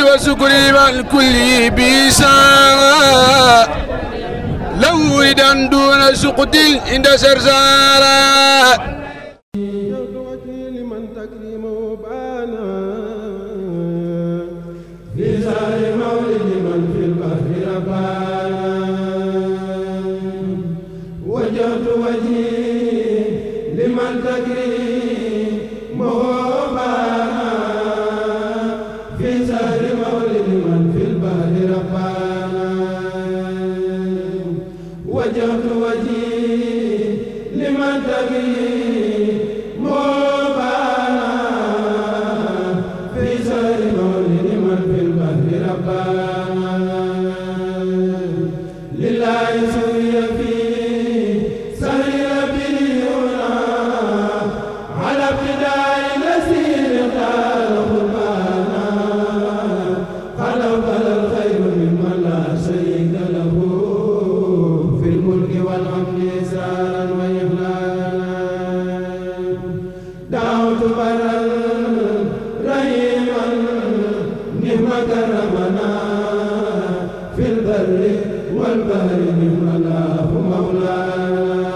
الحمد وشكري والكل بيسا لو دون سقط عند سرسارا بالملك والحمد سارا وإهلالا دعوت برا رحيما نعم كرمنا في البر والبحر نعم الله مولانا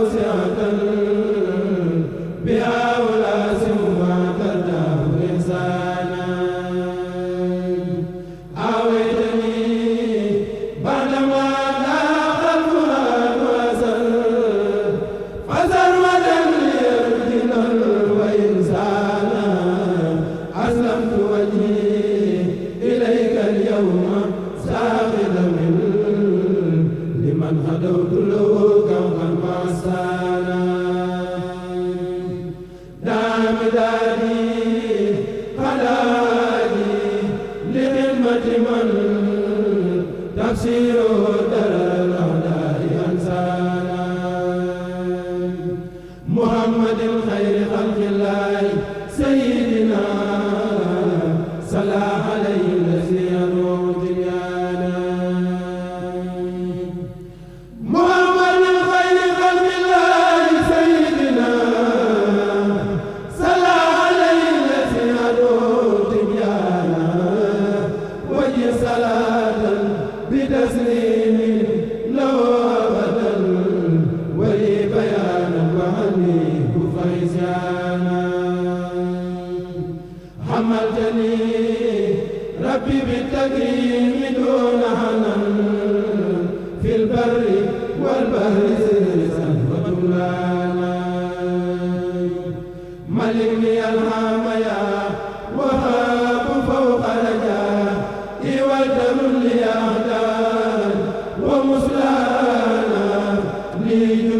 واسعة من تفسيره بالتكريم دون حنان في البر والبحر سيرسا وتلانا ملكني الهام يا وهاب فوق رجاء والدم لي أعداد ومسلانا لي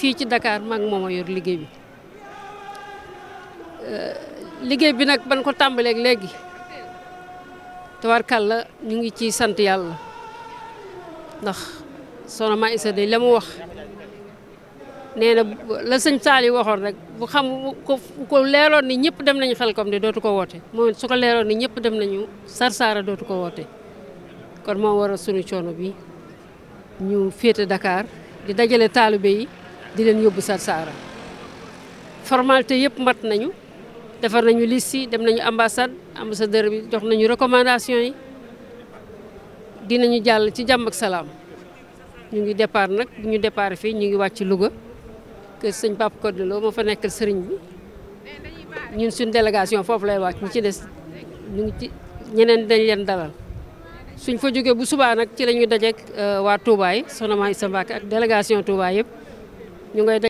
fii ci Dakar maag moom a yor liggéey bi euh, liggéey bi nag ban ko tàmbaleeg léegi tawarkal la ñu ngi ci sant yàlla ndax soona Mame Issa day la mu wax nee na la sëñ Saali waxoon rek bu xam ko ko leeroon ni ñëpp dem nañu xel comme de dootu ko woote moom su ko leeroon ni ñëpp dem nañu sarsaara dootu ko woote kon moo waral sunu coono bi ñu féete Dakar di dajale taalibe yi di leen yóbbu Sarsara formalité yëpp mat nañu defar nañu liste yi dem nañu ambassade ambassadeur bi jox nañu recommandation yi dinañu jàll ci jàmm ak salaam ñu ngi départ nag bu ñu départ fii ñu ngi wàcc Louga kër sëñ Pape Codé Lo moo fa nekk sëriñ bi ñun suñ délégation foofu lay wàcc ñu ci des ñu ngi ci ñeneen dañ leen dalal suñ fa jógee bu subaa nag ci la ñuy dajeek euh, waa Touba yi sa Maïssa ak délégation Touba yëpp. ñu ngay